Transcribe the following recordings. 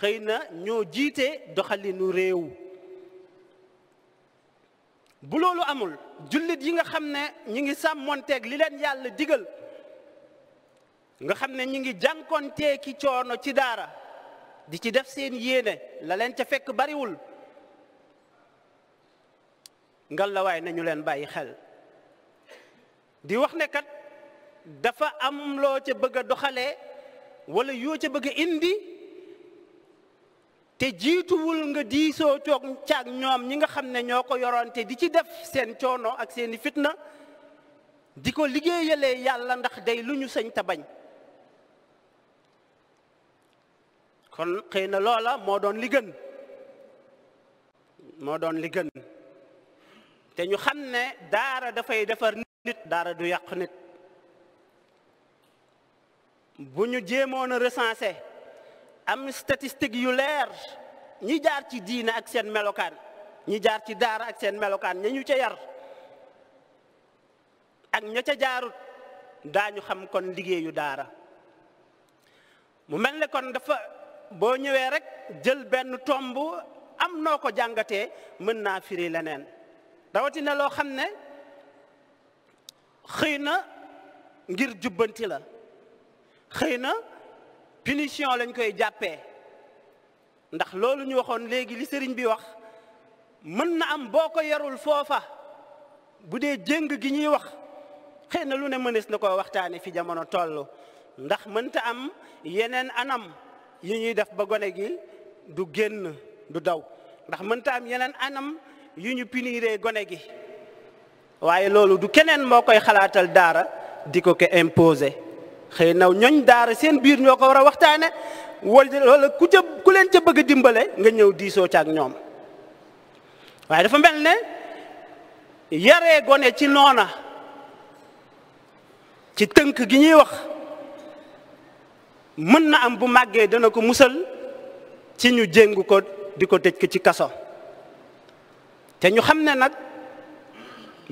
xëy na ñoo jiite doxalinu réew bu loolu amul jullit yi nga xam ne ñu ngi sàmmonteeg li leen yàlla digal nga xam ne ñu ngi jànkontee ki coono ci daara di ci def seen yéene la leen ca fekk bariwul ngallaawaay nañu leen bàyyi xel di wax ne kat dafa am loo ca bëgg a doxalee wala yoo ca bëgg indi te jiituwul nga diisoo coog caag ñoom ñi nga xam ne ñoo ko yoroon te di ci def seen coono ak seeni fitna di ko liggéeyalee yàlla ndax day lu ñu sañ ta kon xëy na loola moo doon li gën moo doon li gën te ñu xam ne daara dafay defar nit daara du yàq nit bu ñu jéemoon a recensé am statistique yu leer ñi jaar ci diine ak seen melokaan ñi jaar ci daara ak seen melokaan ña ñu ca yar ak ña ca jaarut daañu xam kon liggéeyu daara mu mel ne kon dafa boo ñëwee rekk jël benn tomb am noo ko jàngatee mën naa firi leneen rawatina loo xam ne xëy na ngir jubbanti la xëy na punition lañ koy jàppee ndax loolu ñu waxoon léegi li sëriñ bi wax mën na am boo ko yarul foofa bu dee jëng gi ñuy wax xëy na lu ne mënees na koo waxtaane fi jamono toll ndax mënta am yeneen anam yi ñuy def ba gone gi du génn du daw ndax mën mënta am yeneen anam yu ñu puniree gone gi waaye loolu du keneen moo koy xalaatal daara di ko ko imposer xëy na ñooñ daara seen biir ñoo ko war a waxtaane wala ku ca ku leen ca bëgg a dimbale nga ñëw diisoo ca ak ñoom waaye dafa mel ne yare gone ci noona ci tënk gi ñuy wax mën na am bu màggee dana ko musal ci ñu jéngu ko di ko tëj ko ci kaso te ñu xam ne nag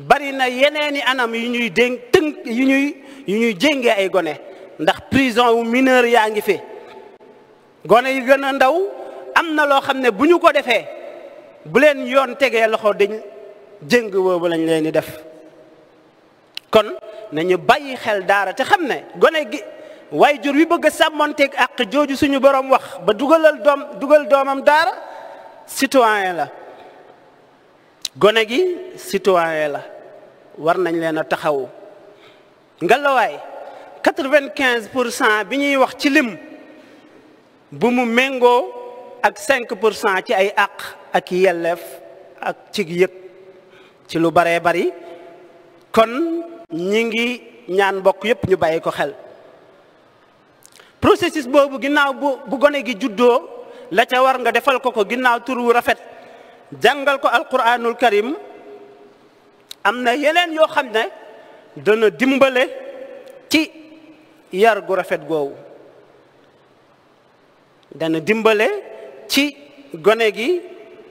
bari na yeneeni anam yu ñuy dénk tënk yu ñuy yu ñuy jéngee ay gone ndax prison wu mineur yaa ngi fi gone yi gën a ndaw am na loo xam ne bu ñu ko defee bu leen yoon tegee loxo dañ jëng boobu lañ leen di def kon nañu bàyyi xel daara te xam ne gone gi waaye jur wi bëgg a sàmmonteeg àq jooju suñu boroom wax ba dugalal doom dugal doomam daara citoyen la gone gi citoyen la war nañ leen a taxawu ngalawaay quatre-vingt-quinze pour cent bi ñuy wax ci lim bu mu méngoo ak cinq pour cent ci ay àq ak yelleef ak cig yëg ci lu baree bari kon ñi ngi ñaan mbokk yépp ñu bàyyi ko xel processus boobu ginnaaw bu bu gone gi juddoo la ca war nga defal ko ko ginnaaw tur wu rafet jàngal ko alquranul karim am na yeneen yoo xam ne dana dimbale ci yar gu rafet goowu dana dimbale ci gone gi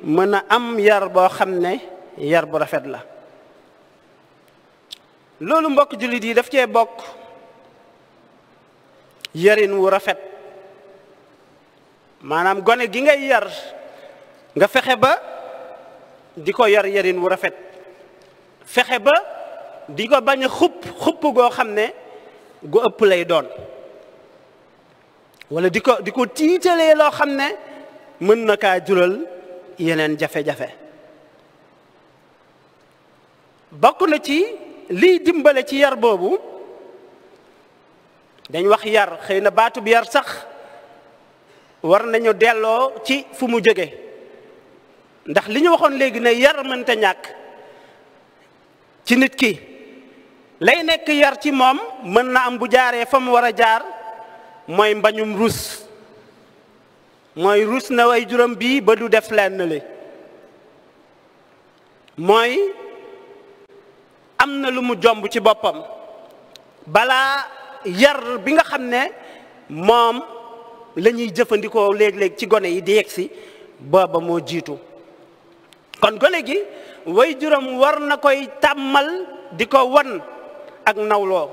mën a am yar boo xam ne yar bu rafet la loolu mbokk jullit yi daf cee bokk yarin wu rafet maanaam gone gi ngay yar nga fexe ba di ko yar yarin wu rafet fexe ba di ko bañ xupp xupp goo xam ne gu ëpp lay doon wala di ko di ko tiitalee loo xam ne mën na kaa jural yeneen jafe-jafe bokk na ci liy dimbale ci yar boobu dañ wax yar xëy na baatub yar sax war nañu delloo ci fu mu jóge ndax li ñu waxoon léegi na yar mënta ñàkk ci nit ki lay nekk yar ci moom mën na am bu jaaree fa mu war a jaar mooy mbañum rus mooy rus na way juróom bii ba du def lenn li mooy am na lu mu jomb ci boppam balaa yar bi nga xam ne moom lañuy jëfandikoo léeg-léeg ci gone yi di yegsi booba moo jiitu kon gone gi way juróom war na koy tàmmal di ko won ak nawloo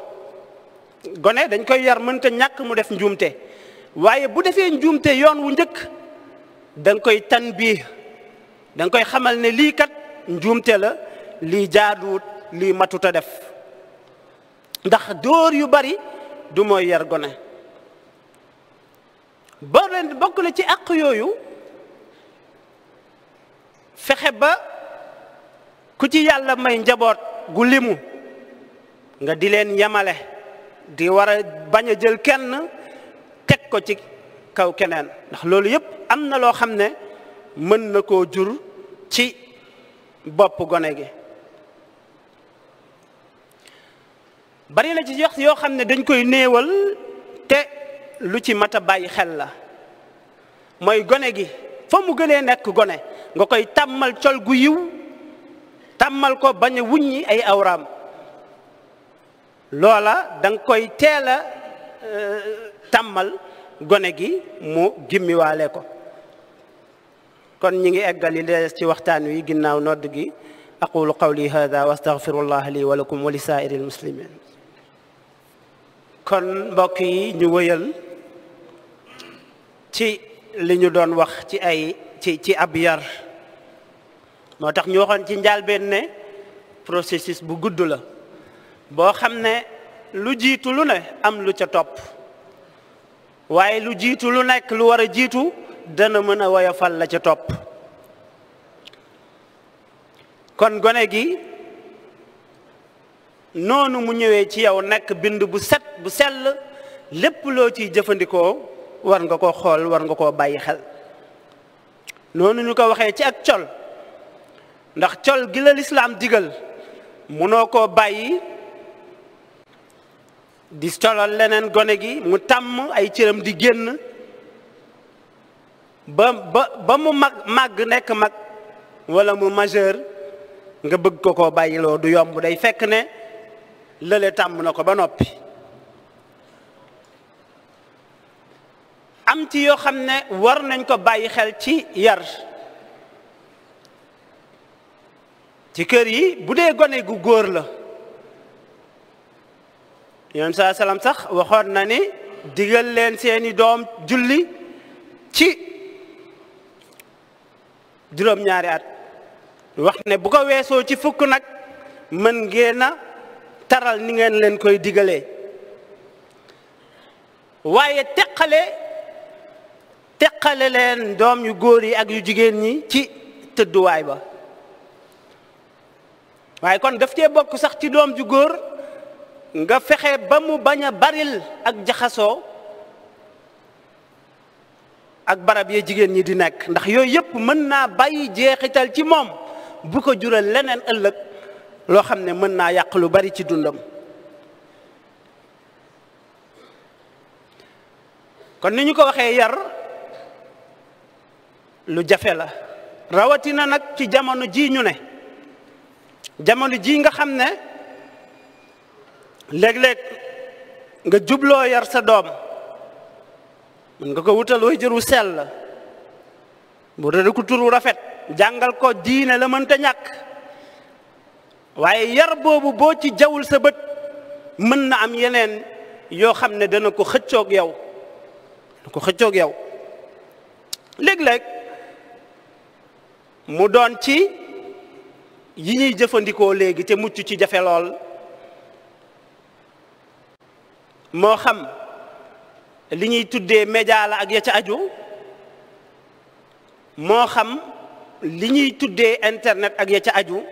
gone dañ koy yar mënta ñàkk mu def njuumte waaye bu defee njuumte yoon wu njëkk danga koy tan bii danga koy xamal ne lii kat njuumte la lii jaaduwut lii matuta def ndax dóor yu bari du mooy yar gone ba leen bokk na ci àq yooyu fexe ba ku ci yàlla may njaboot gu limu nga di leen yemale di war a bañ a jël kenn teg ko ci kaw keneen ndax loolu yëpp am na loo xam ne mën na koo jur ci bopp gone gi bari na ci yox yoo xam ne dañ koy néewal te lu ci mat a bàyyi xel la mooy gone gi fa mu gënee nekk gone nga koy tàmmal col gu yiw tàmmal ko bañ a wuññi ay awraam loola danga koy teel a euh, tàmmal gone gi mu gimmiwaale ko kon ñi ngi eggal li des ci waxtaan wi ginnaaw nodd gi aqulu qawli hada wa astaghfirullah li wa lakum wa li saa'iri almuslimin kon mbokk yi ñu wëyal ci li ñu doon wax ci ay ci ci ab yar moo tax ñu waxoon ci njàlbeen ne processus bu gudd la boo xam ne lu jiitu lu ne am lu ca topp waaye lu jiitu lu nekk lu war a jiitu dana mën a woyofal la ca topp kon gone gi noonu mu ñëwee ci yow nekk bind bu set bu sell lépp loo ciy jëfandikoo war nga ko xool war nga koo bàyyi xel noonu ñu ko waxee ci ak col ndax col gi la lislaam digal munoo koo bàyyi di solal leneen gone gi mu tàmm ay cëram di génn ba ba ba mu mag màgg nekk mag walla mu majeur nga bëgg ko koo bàyyiloo du yomb day fekk ne lële tàmm na ko ba noppi am ci yoo xam ne war nañ ko bàyyi xel ci yar ci kër yi bu dee gone gu góor la yoon saa salaam sax waxoon na ni digal leen seeni doom julli ci juróom-ñaari at wax ne bu ko weesoo ci fukk nag mën ngeen a taral ni ngeen leen koy digale waaye teqale teqale leen doom yu góor yi ak yu jigéen ñi ci tëdduwaay ba waaye kon daf cee bokk sax ci doom ju góor nga fexe ba mu bañ a baril ak jaxasoo ak barab yee jigéen ñi di nekk ndax yooyu yëpp mën naa bàyyi jeexital ci moom bu ko jural leneen ëllëg loo xam ne mën naa yàq lu bari ci dundam kon ni ñu ko waxee yar lu jafe la rawatina nag ci jamono jii ñu ne jamono jii nga xam ne léeg-léeg nga jubloo yar sa doom mën nga ko wutal way jëru sell bu rëdd ku turu rafet jàngal ko diine la mënta ñàkk waaye yar boobu boo ci jawul sa bët mën na am yeneen yoo xam ne dana ko xëccoog yow dana ko xëccoog yow léeg mu doon ci yi ñuy jëfandikoo léegi te mucc ci jafe lool moo xam li ñuy tuddee média la ak ya ca aju moo xam li ñuy tuddee internet ak ya ca aju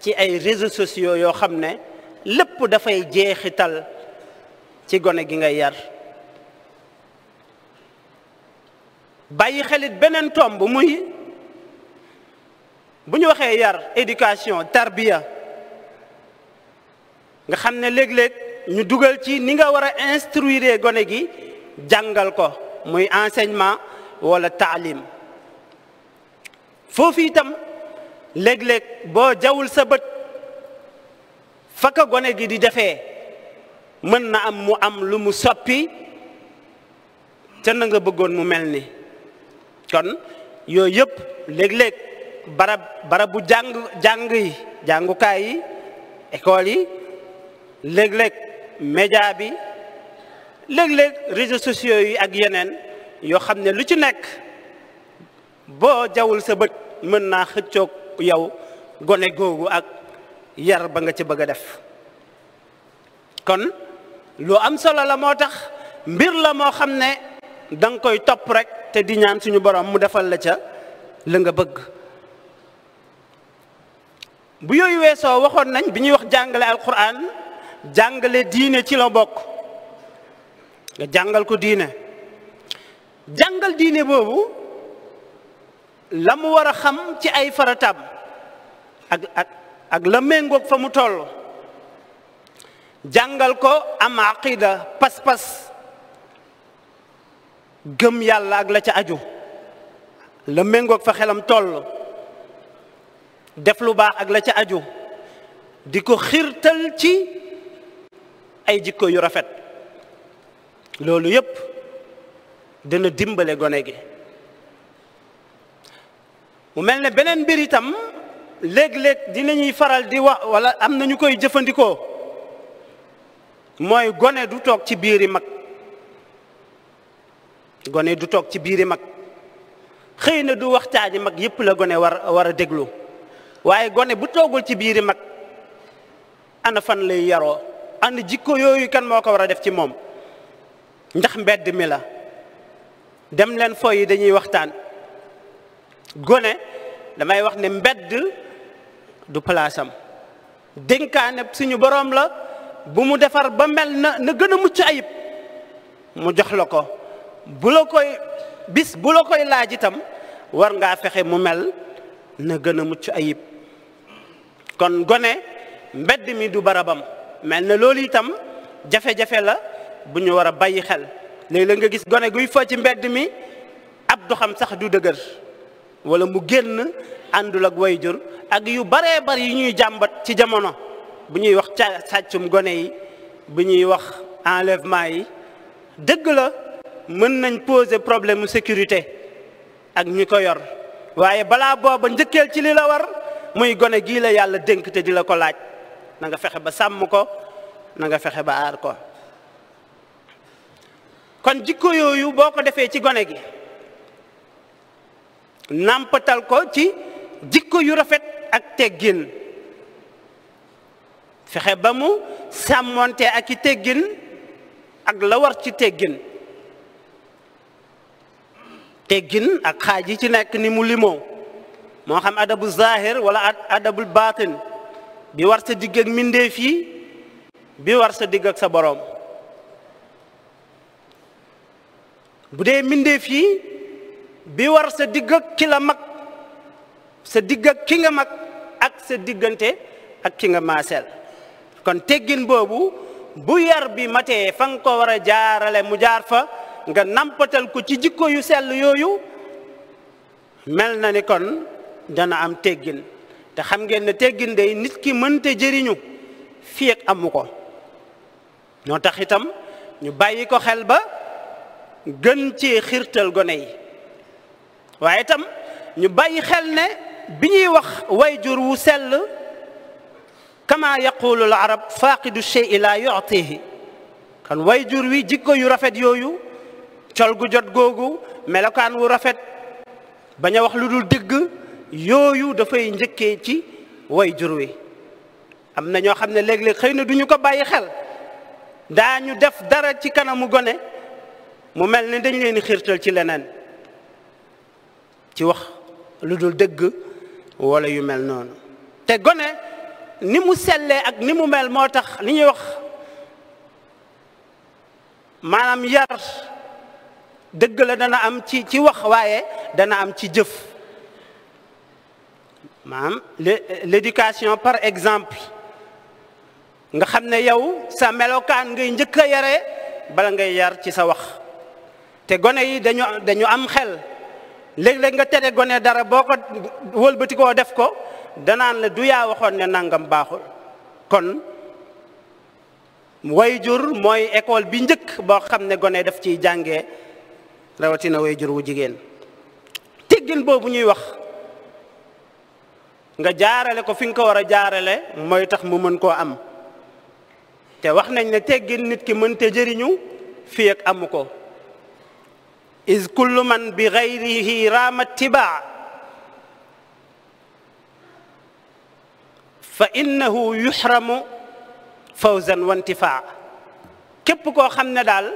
ci ay réseaux sociaux yoo xam ne lépp dafay jeexital ci gone gi ngay yar bàyyi xelit beneen tomb muy bu ñu waxee yar éducation tarbiya nga xam ne léeg-léeg ñu dugal ci ni nga war a instruire gone gi jàngal ko muy ensegnement wala taalim foofu itam léeg-léeg boo jawul sa bët faka gone gi di defee mën na am mu am lu mu soppi te na nga bëggoon mu mel ni kon yooyu yëpp léeg-léeg barab barabu jàng jàng jàngukaayi jàngukaay yi école léeg-léeg média bi léeg-léeg réseaux sociaux yi ak yeneen yoo xam ne lu ci nekk boo jawul sa bët mën naa xëccoog yow gone googu ak yar ba nga ca bëgg a def kon lu am solo la moo tax mbir la moo xam ne da koy topp rek te di ñaan suñu borom mu defal la ca la nga bëgg bu yooyu weesoo waxoon nañ bi ñuy wax jàngale alquran jàngale diine ci la bokk nga jàngal ko diine jàngal diine boobu la mu war a xam ci ay faratam ak la méngoog fa mu toll jàngal ko am aqida pas-pas gëm yàlla ak la ca aju la méngoog fa xelam toll def lu baax ak la ca aju di ko xiirtal ci ay jikko yu rafet loolu yépp dina dimbale gone gi mu mel ne beneen mbir itam léeg-léeg dinañuy faral di wax wala am na ñu koy jëfandikoo mooy gone du toog ci biiri mag gone du toog ci biiri mag xëy na du waxtaani mag yépp la gone war war a déglu waaye gone bu toogul ci biir biiri mag anafan lay yaroo ànd jikko yooyu kan moo ko war a def ci moom ndax mbedd mi la dem leen fo yi dañuy waxtaan gone damay wax ne mbedd du palaasam dénkaane suñu boroom la bu mu defar ba mel na na gën a mucc ayib mu jox la ko bu la koy bis bu la koy laaj itam war ngaa fexe mu mel na gën a mucc ayib kon gone mbedd mi du barabam mel na loolu itam jafe-jafe la bu ñu war a bàyyi xel léegi la nga gis gone guy foo ci mbedd mi ab doxam sax du dëgër wala mu génn àndul ak wayjur ak yu baree bari yu ñuy jàmbat ci jamono bu ñuy wax ca sàccum gone yi bu ñuy wax enlevement yi dëgg la mën nañ poser problème mu sécurité ak ñu ko yor waaye balaa booba njëkkeel ci li la war muy gone gii la yàlla dénk te di la ko laaj nanga fexe ba sàmm ko nanga fexe ba ar ko kon jikko yooyu boo ko defee ci gone gi nàmpatal ko ci jikko yu rafet ak teggin fexe ba mu sàmmoonte aki teggin ak lawar ci teggin teggin ak xaaj yi ci nekk ni mu limoo moo xam adabu zahir wala adabul baatin bi war sa digg ak mbindéef yi bi war sa digg ak sa boroom bu dee mbindéef yi bi war sa digg ak ki la mag sa digg ak ki nga mag ak sa diggante ak ki nga maaseel kon teggin boobu bu yar bi matee fa nga ko war a jaarale mu jaar fa nga nampatal ko ci jikko yu sel yooyu mel na ni kon dana am teggin te xam ngeen ne teggin day nit ki mënte jëriñu fii ak amu ko ñoo tax itam ñu bàyyi ko xel ba gën ci xirtal gone yi waaye itam ñu bàyyi xel ne bi ñuy wax wayjur wu sell kama yaqulu la arab faqidu shay'i la yu'tihi kon wayjur wi jikko yu rafet yooyu col gu jot googu melokaan wu rafet bañ a wax lu dul dëgg yooyu dafay njëkkee ci way jur wi am na ñoo xam ne léegi léeg xëy na duñu ko bàyyi xel daañu def dara ci kanamu gone mu mel ne dañ leen xiirtal ci leneen ci wax lu dul dëgg walla yu mel noonu te gone ni mu sellee ak ni mu mel moo tax li ñuy wax maanaam yar dëgg la dana am ci ci wax waaye dana am ci jëf maam maanaam l'éducation par exemple nga xam ne yow sa melokaan ngay njëkk a yare bala ngay yar ci sa wax te gone yi dañu dañu am xel léeg-léeg nga tere gone dara boo ko wëlbati def ko danaan la du yaa waxoon ne nangam baaxul kon wayjur mooy école bi njëkk boo xam ne gone daf ciy jàngee rawatina wayjur wu jigéen teggin boobu ñuy wax nga jaarale ko fi nga ko war a jaarale mooy tax mu mën koo am te wax nañ ne teggin nit ki mënte jëriñu fii ak amu ko is kul man bi gayrihi raama tibaa fa innahu yuxramu fawzan wa intifaa képp koo xam ne daal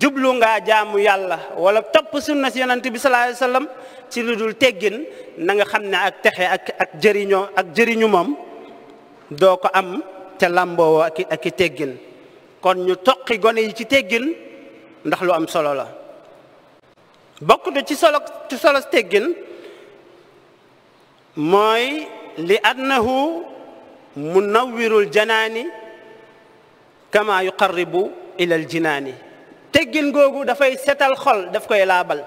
jublu ngaa jaamu yàlla wala topp sunna si yonent bi sallallahu alayhi wasallam ci lu dul teggin na nga xam ne ak texe ak ak jëriñoo ak jëriñu moom doo ko am ca làmboo ak i teggin kon ñu toqi gone yi ci teggin ndax lu am solo la bokk ci solo ci solo teggin mooy li annahu munawwirul janaani kama yuqarribu ila al jinaani teggin googu dafay setal xol daf koy laabal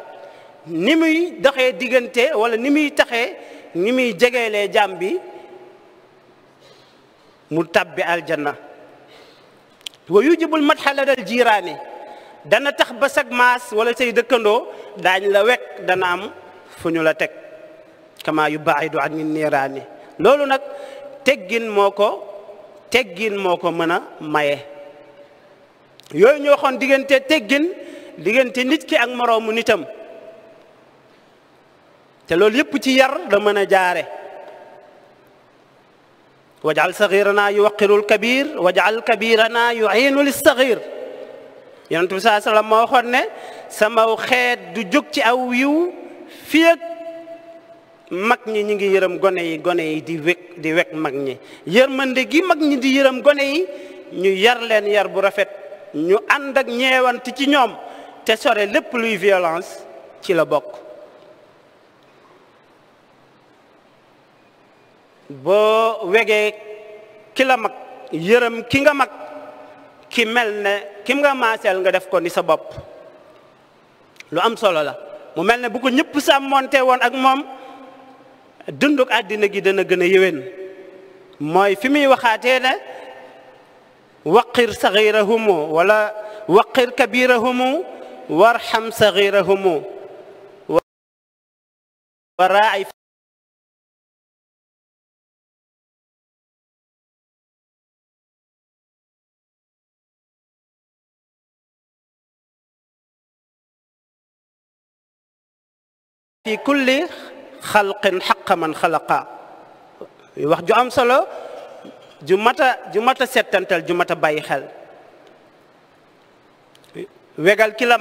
ni muy doxee diggante wala ni muy taxee ni muy jegeelee jaam bi mu tàbbi aljanna wa yujibul madxaladal jiiraani dana tax ba sag maas wala say dëkkandoo daañ la wekk dana am fu ñu la teg kama yu baaxidu an niiraani loolu nag teggin moo ko teggin moo ko mën a maye yooyu ñoo xoon diggante teggin diggante nit ki ak moroomu nitam te loolu yépp ci yar da mën a jaare wajal saxiranaa yuwaqiru lkabir wajal kabiranaa yuiinu lissaxir yonent bi saa sallam moo waxoon ne samaw xeet du jóg ci aw yiw fii mag ñi ñu ngi yërëm gone yi gone yi di wek di wek mag ñi yërmande gi mag ñi di yërëm gone yi ñu yar leen yar bu rafet ñu ànd ak ñeewant ci ñoom te sore lépp luy violence ci la bokk boo wegee ki mag yërëm ki nga mag ki mel ne kim nga maaseel nga def ko ni sa bopp lu am solo la mu mel ne bu ko ñëpp sàmmoonte woon ak moom dunduk àddina gi dana gën a yéwén mooy fi muy waxaatee ne waqir saxiirahumu wala waqir kabirahumu warxam saxiirahumu wa raay fi kulli xalqin xaqa man xalaqa wax ju am solo ju mat a ju mat a settantal ju mat a bàyyi xel wegal ki la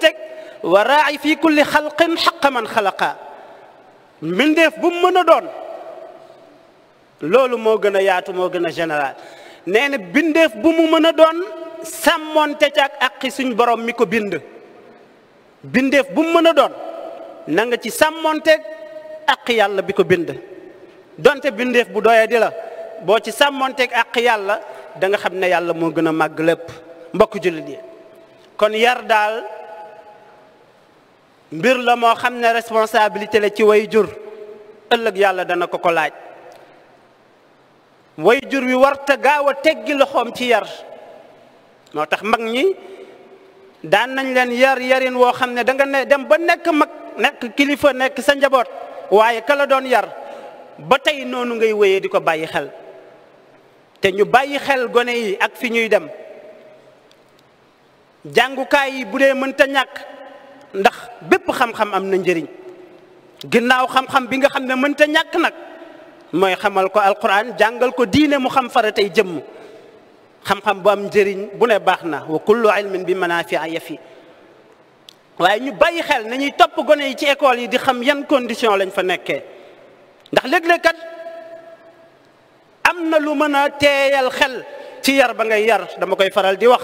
teg wa raayi fi kulli xalqin xaqa man xalaqa mbindeef bu mu mën a doon loolu moo gën a yaatu moo gën a général nee na bindeef bu mu mën a doon sàmmoonte ci ak àqi suñ borom mi ko bind bindeef bu mu mën a doon na nga ci sàmmoonte ak yàlla bi ko bind donte bindeef bu doyee la boo ci sàmmoonteeg ak yàlla danga xam ne yàlla moo gën a màgg lépp mbokk jullit yi kon yar daal mbir la moo xam ne responsabilité la ci way jur ëllëg yàlla dana ko ko laaj jur wi warta gaaw a teggi loxoom ci yar moo tax mag ñi daan nañ leen yar yarin woo xam ne da nga ne dem ba nekk mag nekk kilifa nekk sa njaboot waaye ka la doon yar ba tey noonu ngay woyee di ko bàyyi xel te ñu bàyyi xel gone yi ak fi ñuy dem jàngukaay yi bu dee mënta ñàkk ndax bépp xam-xam am na njëriñ ginnaaw xam-xam bi nga xam ne mën mënta ñàkk nag mooy xamal ko alquran jàngal ko diine mu xam faratay jëmm xam-xam bu am njëriñ bu ne baax na wa kullu ilmin bi manafia yafi waaye ñu bàyyi xel nañuy topp gone yi ci école yi di xam yan condition lañ fa nekke ndax léeg-léeg am na lu mën a teeyal xel ci yar ba ngay yar dama koy faral di wax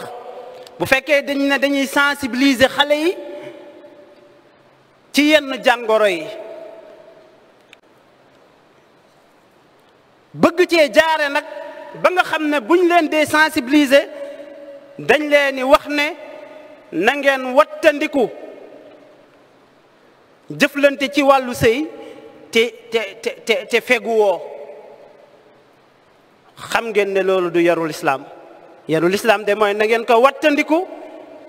bu fekkee dañ ne dañuy sensibilise xale yi ci yenn jàngoro yi bëgg cee jaare nag ba nga xam ne buñ leen dee sensibiliser dañ leen di wax ne nangeen wattandiku jëflante ci wàllu sëy te te te te fegu woo xam ngeen ne loolu du yaru lislaam yarul lislaam de mooy na ngeen ko wattandiku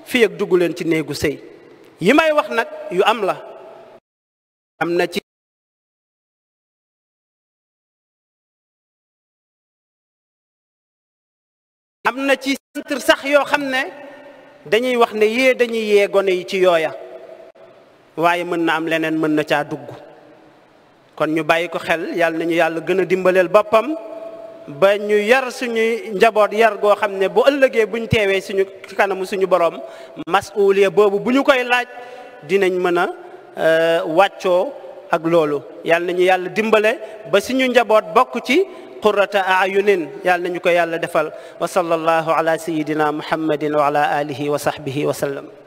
fi ak dugg leen ci néegu sëy yi may wax nag yu am la am na ci am na ci centre sax yoo xam ne dañuy wax ne yée dañuy yee gone yi ci yooya waaye mën na am leneen mën na caa dugg kon ñu bàyyi ko xel yàlla nañu yàlla gën a dimbaleel boppam ba ñu yar suñuy njaboot yar goo xam ne bu ëllëgee buñ teewee suñu kanamu suñu borom masuuliya boobu bu ñu koy laaj dinañ mën a euh, wàccoo ak loolu yàlla nañu yàlla dimbale ba suñu njaboot bokk ci qurrata ayunin yàlla nañu ko yàlla defal wa sallallahu ala sayyidina muhammadin wa ala alihi wa sahbihi wa sallam